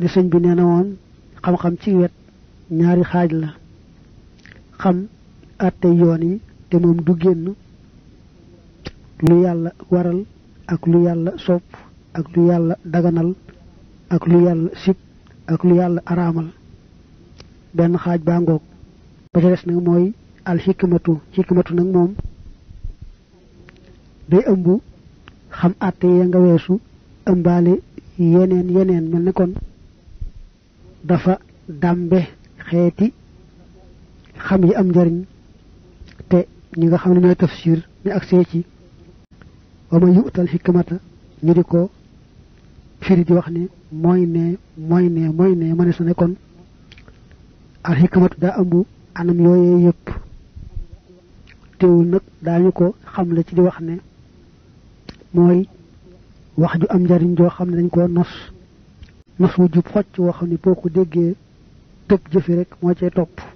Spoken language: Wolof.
li sëñ bi nee na woon xam-xam ci wet ñaari xaaj la xam àtte yoon yi te moom du génn lu yàlla waral ak lu yàlla sopp ak lu yàlla daganal ak lu yàlla sib ak lu yàlla araamal benn xaaj baa ngoog ba ca des nag mooy al xikmatu nag moom day ëmb xam àtte ya nga weesu ëmbaale yeneen yeneen mel ni kon dafa dambe xeeti xam yi am njariñ te ñi nga xam ne ñooy tafsir ñu agsee ci wa ma yuutal xikmata ñu di ko firi di wax ne mooy ne mooy ne mooy ne ma ne su kon al xikmatu daa ambu anam yooyee yépp teewul nag daañu ko xam la ci di wax ne mooy wax ju am njariñ joo xam ne dañ koo nos Nous nous de xocc wax ni boo ko déggee tëb jëfi rek top.